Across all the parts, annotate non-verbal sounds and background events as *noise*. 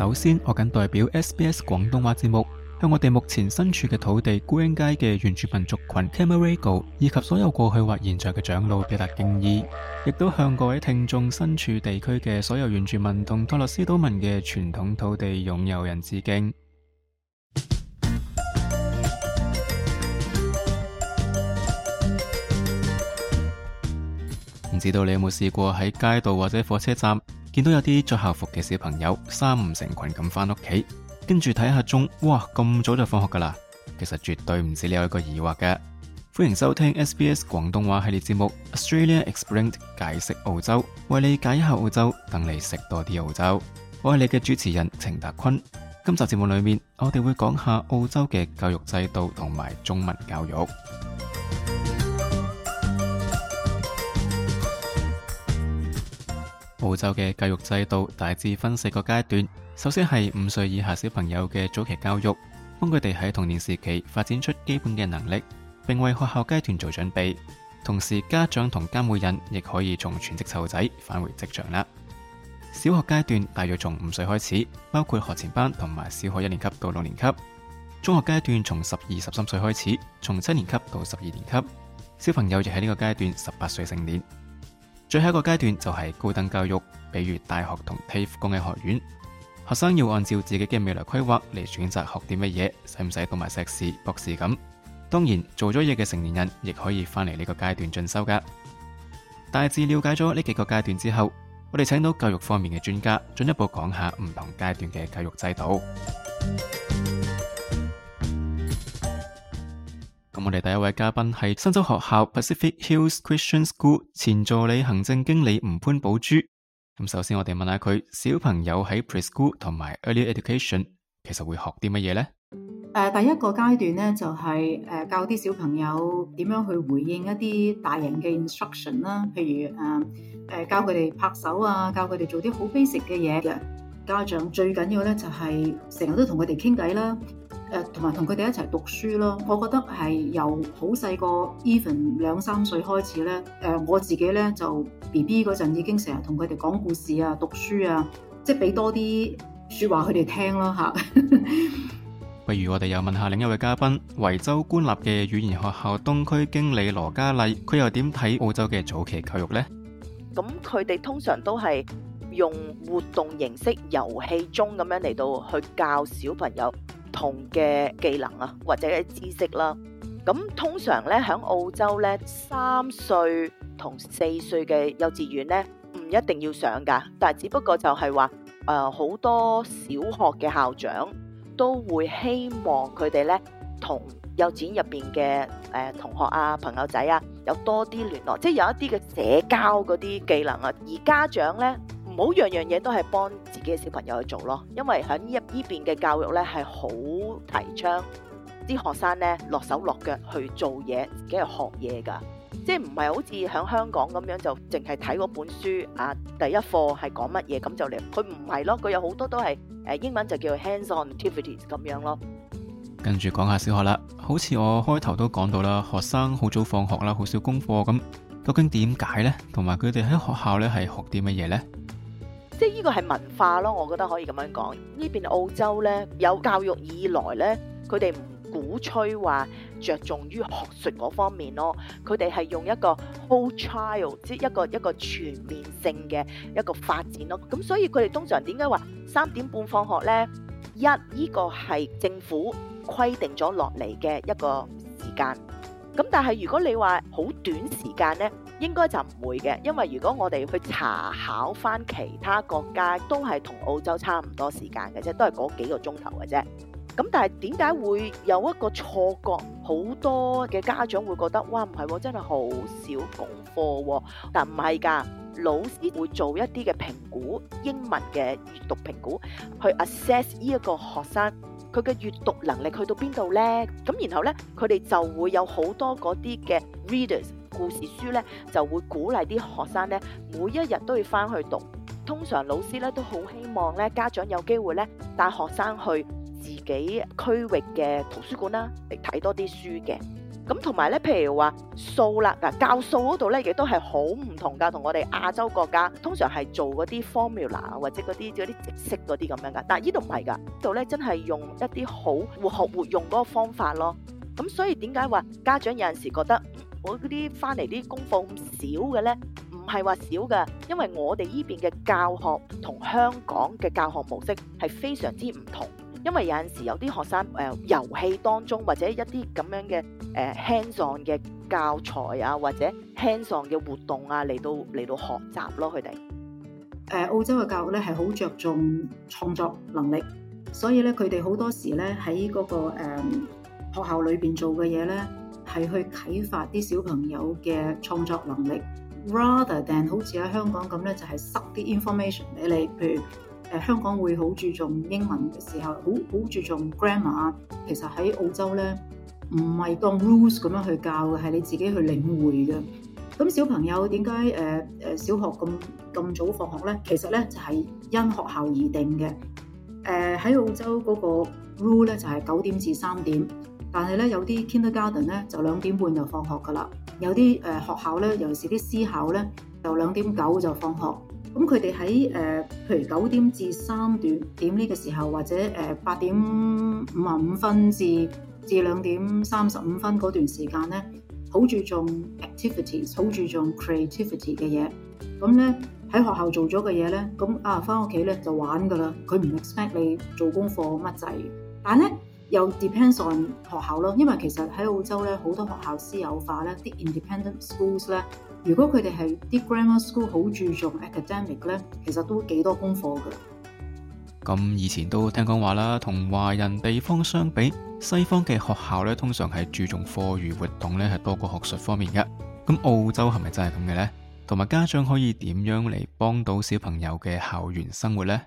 首先，我謹代表 SBS 廣東話節目，向我哋目前身處嘅土地——孤鷹街嘅原住民族群 Cammeraygal，以及所有過去或現在嘅長老表達敬意，亦都向各位聽眾身處地區嘅所有原住民同托洛斯島民嘅傳統土地擁有人致敬。唔知道你有冇試過喺街道或者火車站，見到有啲着校服嘅小朋友三五成群咁翻屋企，跟住睇下鐘，哇，咁早就放學噶啦。其實絕對唔止你有一個疑惑嘅。歡迎收聽 SBS 廣東話系列節目《Australia Explained》解釋澳洲，為你解一下澳洲，等你食多啲澳洲。我係你嘅主持人程達坤。今集節目裏面，我哋會講下澳洲嘅教育制度同埋中文教育。澳洲嘅教育制度大致分四個階段，首先係五歲以下小朋友嘅早期教育，幫佢哋喺童年時期發展出基本嘅能力，並為學校階段做準備。同時，家長同監護人亦可以從全職湊仔返回職場啦。小學階段大約從五歲開始，包括學前班同埋小學一年級到六年級。中學階段從十二十三歲開始，從七年級到十二年級。小朋友亦喺呢個階段十八歲成年。最後一個階段就係高等教育，比如大學同 TAFE 工業學院。學生要按照自己嘅未來規劃嚟選擇學啲乜嘢，使唔使讀埋碩士、博士咁？當然，做咗嘢嘅成年人亦可以翻嚟呢個階段進修噶。大致了解咗呢幾個階段之後，我哋請到教育方面嘅專家進一步講下唔同階段嘅教育制度。我哋第一位嘉賓係新州學校 Pacific Hills Christian School 前助理行政經理吳潘寶珠。咁首先我哋問下佢，小朋友喺 preschool 同埋 early education 其實會學啲乜嘢咧？誒，第一個階段咧就係誒教啲小朋友點樣去回應一啲大人嘅 instruction 啦，譬如誒誒教佢哋拍手啊，教佢哋做啲好 basic 嘅嘢嘅。家長最緊要咧就係成日都同佢哋傾偈啦。誒，同埋同佢哋一齊讀書咯。我覺得係由好細個，even 兩三歲開始咧。誒，我自己咧就 B B 嗰陣已經成日同佢哋講故事啊、讀書啊，即係俾多啲説話佢哋聽咯吓。不 *laughs* 如我哋又問下另一位嘉賓，維州官立嘅語言學校東區經理羅嘉麗，佢又點睇澳洲嘅早期教育呢？咁佢哋通常都係用活動形式、遊戲中咁樣嚟到去教小朋友。同嘅技能啊，或者一啲知識啦，咁通常咧喺澳洲咧，三歲同四歲嘅幼稚園咧唔一定要上噶，但係只不過就係話誒好多小學嘅校長都會希望佢哋咧同幼稚園入邊嘅誒同學啊、朋友仔啊有多啲聯絡，即係有一啲嘅社交嗰啲技能啊，而家長咧。唔好樣樣嘢都係幫自己嘅小朋友去做咯，因為喺呢一呢邊嘅教育咧係好提倡啲學生咧落手落腳去做嘢，自己係學嘢噶，即係唔係好似喺香港咁樣就淨係睇嗰本書啊，第一課係講乜嘢咁就嚟，佢唔係咯，佢有好多都係誒英文就叫 hands on activities 咁樣咯。跟住講下小學啦，好似我開頭都講到啦，學生好早放學啦，好少功課咁，究竟點解咧？同埋佢哋喺學校咧係學啲乜嘢咧？即係呢個係文化咯，我覺得可以咁樣講。呢邊澳洲咧，有教育以來咧，佢哋唔鼓吹話着重於學術嗰方面咯。佢哋係用一個 whole child，即係一個一個全面性嘅一個發展咯。咁所以佢哋通常點解話三點半放學咧？一，呢個係政府規定咗落嚟嘅一個時間。咁但係如果你話好短時間咧？應該就唔會嘅，因為如果我哋去查考翻其他國家，都係同澳洲差唔多時間嘅啫，都係嗰幾個鐘頭嘅啫。咁但係點解會有一個錯覺？好多嘅家長會覺得，哇，唔係喎，真係好少講課喎。但唔係㗎，老師會做一啲嘅評估，英文嘅閱讀評估，去 assess 呢一個學生佢嘅閱讀能力去到邊度呢？咁然後呢，佢哋就會有好多嗰啲嘅 readers。故事書呢就會鼓勵啲學生呢每一日都要翻去讀。通常老師呢都好希望呢家長有機會呢帶學生去自己區域嘅圖書館啦，嚟睇多啲書嘅。咁同埋呢，譬如話數啦，嗱教數嗰度呢亦都係好唔同噶，同我哋亞洲國家通常係做嗰啲 formula 或者嗰啲嗰啲式嗰啲咁樣噶，但係呢度唔係噶，呢度呢真係用一啲好活學活用嗰個方法咯。咁所以點解話家長有陣時覺得？我嗰啲翻嚟啲功課咁少嘅咧，唔係話少嘅，因為我哋呢邊嘅教學同香港嘅教學模式係非常之唔同。因為有陣時有啲學生誒遊戲當中或者一啲咁樣嘅誒輕鬆嘅教材啊，或者輕鬆嘅活動啊嚟到嚟到學習咯，佢哋誒澳洲嘅教育咧係好着重創作能力，所以咧佢哋好多時咧喺嗰個誒、嗯、學校裏邊做嘅嘢咧。係去啟發啲小朋友嘅創作能力，rather than 好似喺香港咁咧，就係、是、塞啲 information 俾你。譬如誒、呃、香港會好注重英文嘅時候，好好注重 grammar 啊。其實喺澳洲咧，唔係當 rules 咁樣去教嘅，係你自己去領會嘅。咁小朋友點解誒誒小學咁咁早放學咧？其實咧就係、是、因學校而定嘅。誒、呃、喺澳洲嗰個 rule 咧就係、是、九點至三點。但係咧，有啲 kindergarten 咧就兩點半就放學㗎啦，有啲誒、呃、學校咧，尤其是啲私校咧，就兩點九就放學。咁佢哋喺誒，譬如九點至三點呢個時候，或者誒八、呃、點五十五分至至兩點三十五分嗰段時間咧，好注重 activities，好注重 creativity 嘅嘢。咁咧喺學校做咗嘅嘢咧，咁啊翻屋企咧就玩㗎啦。佢唔 expect 你做功課乜滯，但咧。又 depends on 學校咯，因為其實喺澳洲咧，好多學校私有化咧，啲 independent schools 咧，如果佢哋係啲 grammar school 好注重 academic 咧，其實都幾多功課噶。咁以前都聽講話啦，同華人地方相比，西方嘅學校咧通常係注重課餘活動咧係多過學術方面噶。咁澳洲係咪真係咁嘅咧？同埋家長可以點樣嚟幫到小朋友嘅校園生活咧？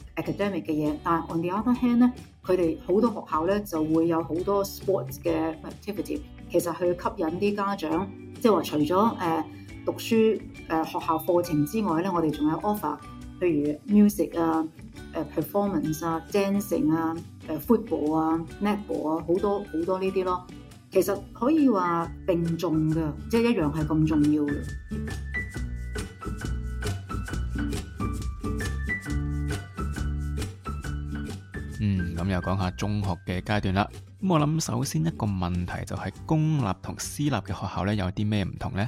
academic 嘅嘢，但係 on the other hand 咧，佢哋好多學校咧就會有好多 sports 嘅 activity，其實去吸引啲家長，即係話除咗誒讀書誒學校課程之外咧，我哋仲有 offer，譬如 music 啊、誒 performance 啊、dancing 啊、誒 football 啊、netball 啊，好多好多呢啲咯，其實可以話並重嘅，即係一樣係咁重要嘅。嗯，咁又講下中學嘅階段啦。咁我諗首先一個問題就係公立同私立嘅學校咧有啲咩唔同呢？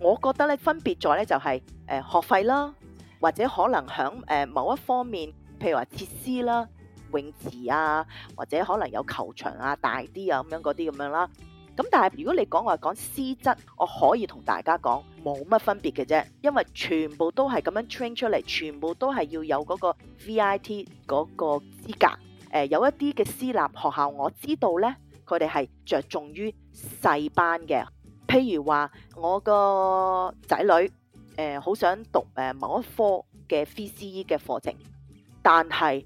我覺得咧，分別在咧就係誒學費啦，或者可能響誒某一方面，譬如話設施啦、泳池啊，或者可能有球場啊大啲啊咁樣嗰啲咁樣啦。咁但係，如果你講我話講資質，我可以同大家講冇乜分別嘅啫，因為全部都係咁樣 train 出嚟，全部都係要有嗰個 VIT 嗰個資格。誒、呃、有一啲嘅私立學校我知道呢，佢哋係着重於細班嘅，譬如話我個仔女誒好、呃、想讀誒某一科嘅 VCE 嘅課程，但係。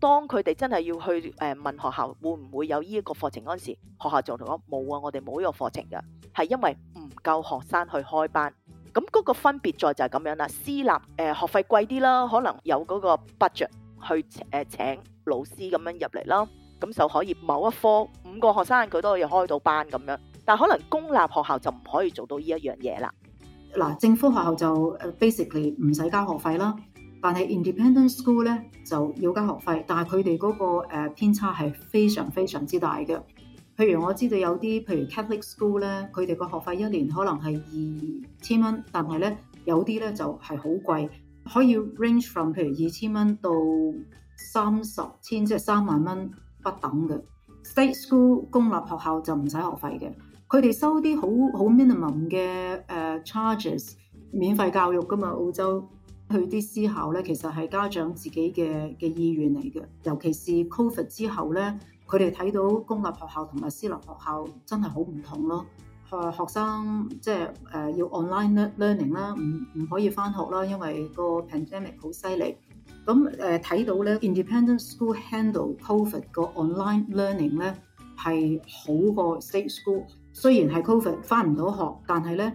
當佢哋真係要去誒問學校會唔會有呢一個課程嗰陣時，學校就同我冇啊，我哋冇呢個課程嘅，係因為唔夠學生去開班。咁嗰個分別在就係咁樣啦。私立誒、呃、學費貴啲啦，可能有嗰個 budget 去誒請,、呃、請老師咁樣入嚟啦，咁就可以某一科五個學生佢都可以開到班咁樣。但係可能公立學校就唔可以做到呢一樣嘢啦。嗱，政府學校就 basically 唔使交學費啦。但係 Independent School 咧就要交學費，但係佢哋嗰個、呃、偏差係非常非常之大嘅。譬如我知道有啲譬如 Catholic School 咧，佢哋個學費一年可能係二千蚊，但係咧有啲咧就係、係、好貴，可以 range from 譬如二千蚊到三十千，即係三萬蚊不等嘅。State School 公立學校就唔使學費嘅，佢哋收啲好好 minimum 嘅 charges，免費教育㗎嘛，澳洲。去啲私校咧，其實係家長自己嘅嘅意願嚟嘅，尤其是 Covid 之後咧，佢哋睇到公立學校同埋私立學校真係好唔同咯、呃。學生即係、呃、要 online learning 啦，唔唔可以翻學啦，因為個 pandemic 好犀利。咁睇、呃、到咧，independent school handle Covid 個 online learning 咧係好過 state school。雖然係 Covid 翻唔到學，但係咧。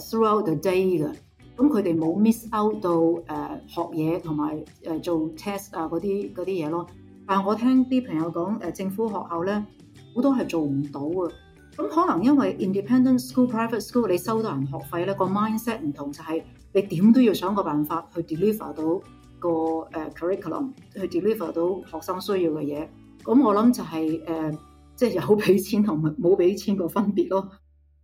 throughout the day 嘅，咁佢哋冇 miss out 到誒學嘢同埋誒做 test 啊嗰啲嗰啲嘢咯。但係我聽啲朋友講，誒政府學校咧好多係做唔到嘅。咁可能因為 independent school、private school 你收到人學費咧，個 mindset 唔同，就係、是、你點都要想個辦法去 deliver 到個 curriculum，去 deliver 到學生需要嘅嘢。咁我諗就係、是、誒，即、呃、係、就是、有俾錢同冇俾錢個分別咯。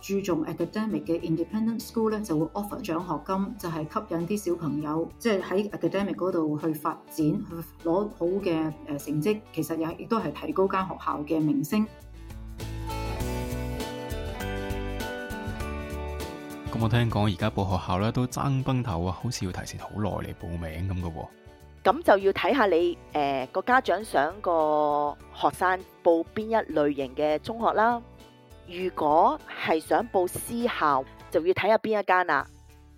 注重 academic 嘅 independent school 咧，就會 offer 獎學金，就係、是、吸引啲小朋友，即係喺 academic 嗰度去發展，去攞好嘅誒成績，其實也亦都係提高間學校嘅名聲。咁我聽講而家報學校咧都爭崩頭啊，好似要提前好耐嚟報名咁嘅喎。咁就要睇下你誒個、呃、家長想個學生報邊一類型嘅中學啦。如果係想報私校，就要睇下邊一間啦。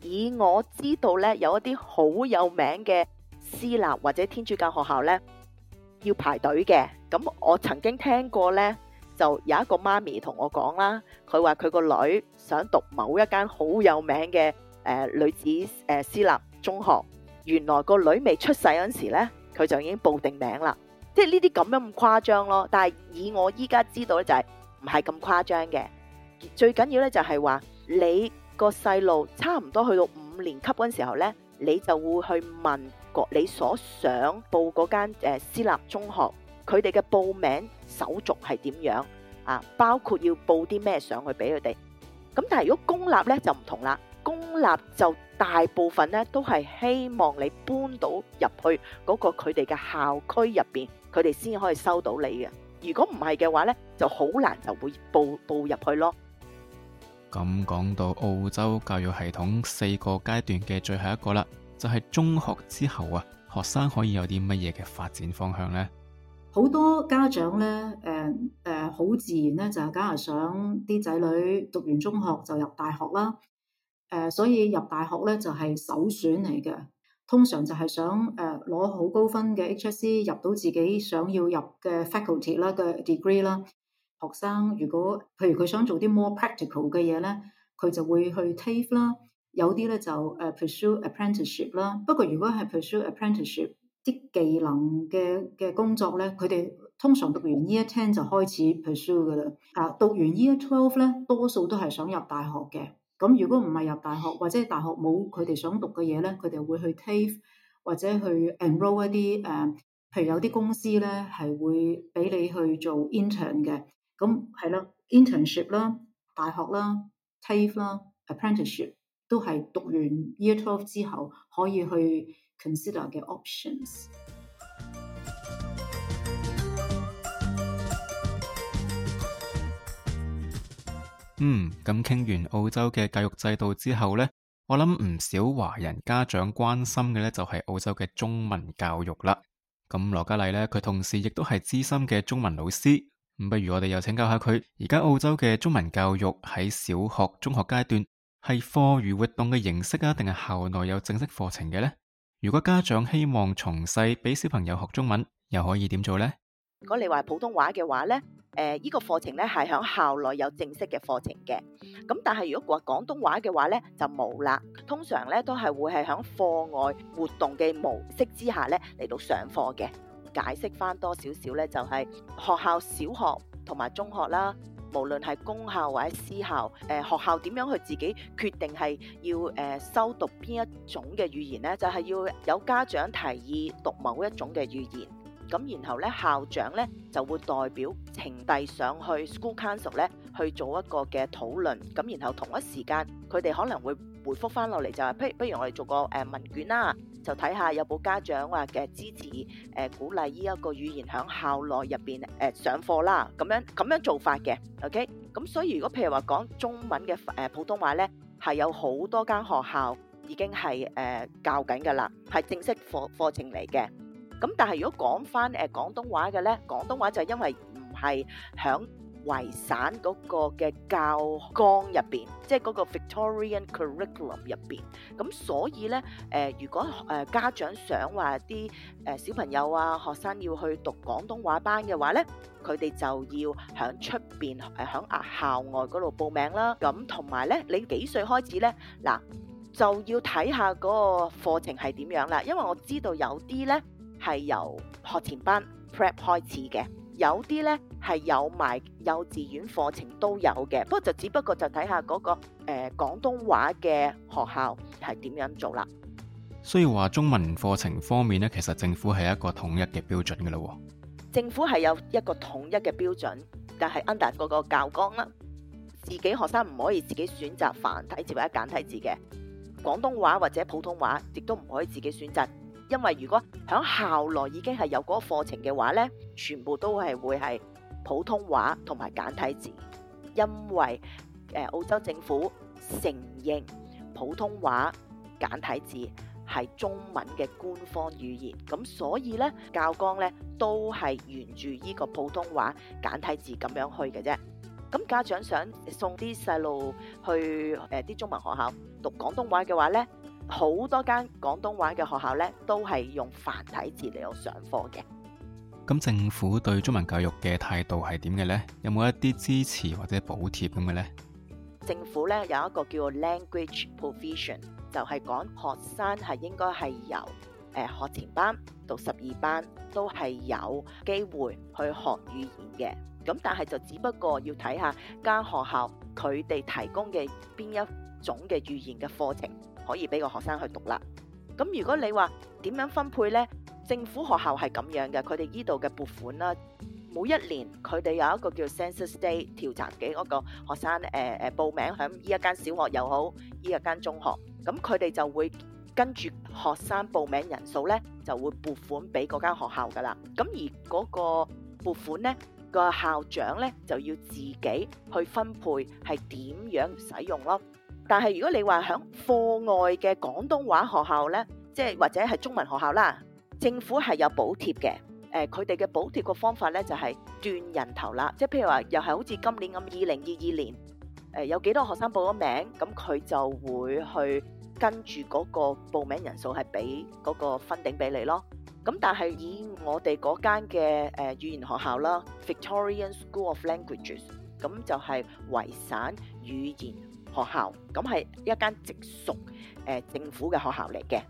以我知道咧，有一啲好有名嘅私立或者天主教學校咧，要排隊嘅。咁我曾經聽過咧，就有一個媽咪同我講啦，佢話佢個女想讀某一間好有名嘅誒、呃、女子誒、呃、私立中學，原來個女未出世嗰時咧，佢就已經報定名啦。即係呢啲咁樣咁誇張咯。但係以我依家知道咧，就係、是。唔係咁誇張嘅，最緊要咧就係話你個細路差唔多去到五年級嗰時候咧，你就會去問個你所想報嗰間誒私立中學，佢哋嘅報名手續係點樣啊？包括要報啲咩上去俾佢哋。咁但係如果公立咧就唔同啦，公立就大部分咧都係希望你搬到入去嗰個佢哋嘅校區入邊，佢哋先可以收到你嘅。如果唔係嘅話咧，就好難就會報報入去咯。咁講到澳洲教育系統四個階段嘅最後一個啦，就係、是、中學之後啊，學生可以有啲乜嘢嘅發展方向呢？好多家長咧，誒、呃、誒，好、呃、自然咧，就係梗係想啲仔女讀完中學就入大學啦。誒、呃，所以入大學咧就係、是、首選嚟嘅，通常就係想誒攞好高分嘅 HSC 入到自己想要入嘅 Faculty 啦嘅 Degree 啦。學生如果譬如佢想做啲 more practical 嘅嘢咧，佢就會去 TAFE 啦。有啲咧就誒 pursue apprenticeship 啦。不過如果係 pursue apprenticeship，啲技能嘅嘅工作咧，佢哋通常讀完 year ten 就開始 pursue 噶啦。啊，讀完 year twelve 咧，多數都係想入大學嘅。咁如果唔係入大學，或者大學冇佢哋想讀嘅嘢咧，佢哋會去 TAFE 或者去 enroll 一啲誒，譬如有啲公司咧係會俾你去做 intern 嘅。咁係啦，internship 啦，大學啦，TAFE 啦，apprenticeship 都係讀完 year twelve 之後可以去 consider 嘅 options。嗯，咁傾完澳洲嘅教育制度之後咧，我諗唔少華人家長關心嘅咧就係澳洲嘅中文教育啦。咁羅嘉麗咧，佢同時亦都係資深嘅中文老師。咁不如我哋又請教下佢，而家澳洲嘅中文教育喺小學、中學階段係課餘活動嘅形式啊，定係校內有正式課程嘅呢？如果家長希望從細俾小朋友學中文，又可以點做呢？如果你話普通話嘅話呢，誒、呃、呢、呢個課程呢係響校內有正式嘅課程嘅，咁但係如果話廣東話嘅話呢，就冇啦，通常呢都係會係響課外活動嘅模式之下呢嚟到上課嘅。解釋翻多少少咧，就係學校小學同埋中學啦，無論係公校或者私校，誒學校點樣去自己決定係要誒修讀邊一種嘅語言咧，就係、是、要有家長提議讀某一種嘅語言，咁然後咧校長咧就會代表呈遞上去 school council 咧去做一個嘅討論，咁然後同一時間佢哋可能會回覆翻落嚟，就係不如不如我哋做個誒問卷啦。就睇下有冇家長話嘅支持，誒、呃、鼓勵呢一個語言喺校內入面、呃、上課啦，咁樣咁樣做法嘅，OK？咁所以如果譬如話講中文嘅、呃、普通話咧，係有好多間學校已經係誒、呃、教緊噶啦，係正式課課程嚟嘅。咁但係如果講返誒廣東話嘅咧，廣東話就因為唔係響，維省嗰個嘅教綱入邊，即係嗰個 Victorian Curriculum 入邊，咁所以咧，誒、呃、如果誒、呃、家長想話啲誒小朋友啊學生要去讀廣東話班嘅話咧，佢哋就要喺出邊誒喺校外嗰度報名啦。咁同埋咧，你幾歲開始咧？嗱，就要睇下嗰個課程係點樣啦。因為我知道有啲咧係由學前班 Prep 開始嘅。有啲呢係有埋幼稚園課程都有嘅，不過就只不過就睇下嗰個誒、呃、廣東話嘅學校係點樣做啦。所以話中文課程方面呢，其實政府係一個統一嘅標準嘅咯。政府係有一個統一嘅標準，但係 under 嗰個教綱啦，自己學生唔可以自己選擇繁體字或者簡體字嘅廣東話或者普通話，亦都唔可以自己選擇。因為如果喺校內已經係有嗰個課程嘅話咧，全部都係會係普通話同埋簡體字。因為誒澳洲政府承認普通話簡體字係中文嘅官方語言，咁所以咧教綱咧都係沿住呢個普通話簡體字咁樣去嘅啫。咁家長想送啲細路去誒啲中文學校讀廣東話嘅話咧？好多間廣東話嘅學校咧，都係用繁體字嚟到上課嘅。咁政府對中文教育嘅態度係點嘅呢？有冇一啲支持或者補貼咁嘅呢？政府咧有一個叫做 language provision，就係講學生係應該係由誒、呃、學前班到十二班都係有機會去學語言嘅。咁但係就只不過要睇下間學校佢哋提供嘅邊一種嘅語言嘅課程。可以俾個學生去讀啦。咁如果你話點樣分配呢？政府學校係咁樣嘅，佢哋依度嘅撥款啦，每一年佢哋有一個叫 Census Day 調查嘅嗰個學生，誒、呃、誒報名響呢一間小學又好，呢一間中學，咁佢哋就會跟住學生報名人數呢就會撥款俾嗰間學校噶啦。咁而嗰個撥款呢，個校長呢，就要自己去分配係點樣使用咯。但係如果你話響課外嘅廣東話學校咧，即係或者係中文學校啦，政府係有補貼嘅。誒，佢哋嘅補貼個方法咧就係斷人頭啦，即係譬如話又係好似今年咁二零二二年，誒有幾多學生報咗名，咁佢就會去跟住嗰個報名人數係俾嗰個分頂俾你咯。咁但係以我哋嗰間嘅誒語言學校啦，Victorian School of Languages，咁就係維省語言學校咁係一間直屬誒、呃、政府嘅學校嚟嘅，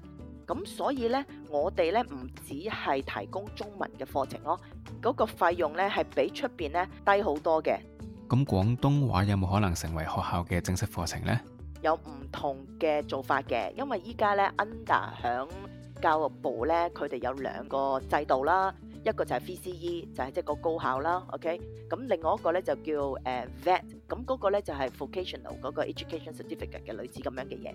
咁所以呢，我哋呢唔只係提供中文嘅課程咯，嗰、那個費用呢係比出邊呢低好多嘅。咁廣東話有冇可能成為學校嘅正式課程呢？有唔同嘅做法嘅，因為依家呢，under 響教育部呢，佢哋有兩個制度啦，一個就係 VCE，就係即個高考啦，OK，咁另外一個呢，就叫誒 VET。呃 VET，咁、那、嗰個咧就係 vocational 嗰個 education certificate 嘅類似咁樣嘅嘢。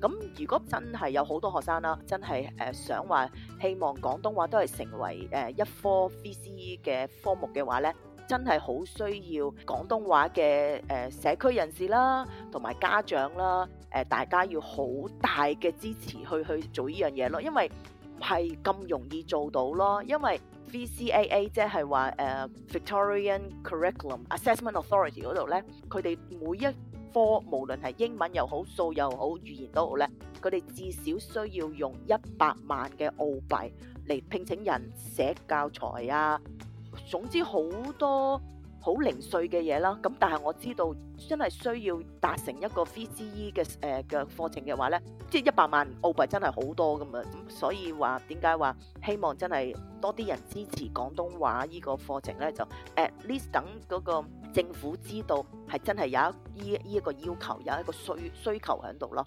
咁如果真係有好多學生啦，真係誒想話希望廣東話都係成為誒一科 VCE 嘅科目嘅話咧，真係好需要廣東話嘅誒社區人士啦，同埋家長啦，誒大家要好大嘅支持去去做呢樣嘢咯，因為唔係咁容易做到咯，因為。VCAA 即係話誒 Victorian Curriculum Assessment Authority 嗰度咧，佢哋每一科無論係英文又好、數又好、語言都好咧，佢哋至少需要用一百萬嘅澳幣嚟聘請人寫教材啊，總之好多。.好零碎嘅嘢啦，咁但係我知道真係需要達成一個 VCE 嘅誒嘅課程嘅話咧，即係一百萬澳幣真係好多咁啊，咁所以話點解話希望真係多啲人支持廣東話依個課程咧，就誒 list 等嗰個政府知道係真係有一依依一個要求有一個需需求喺度咯。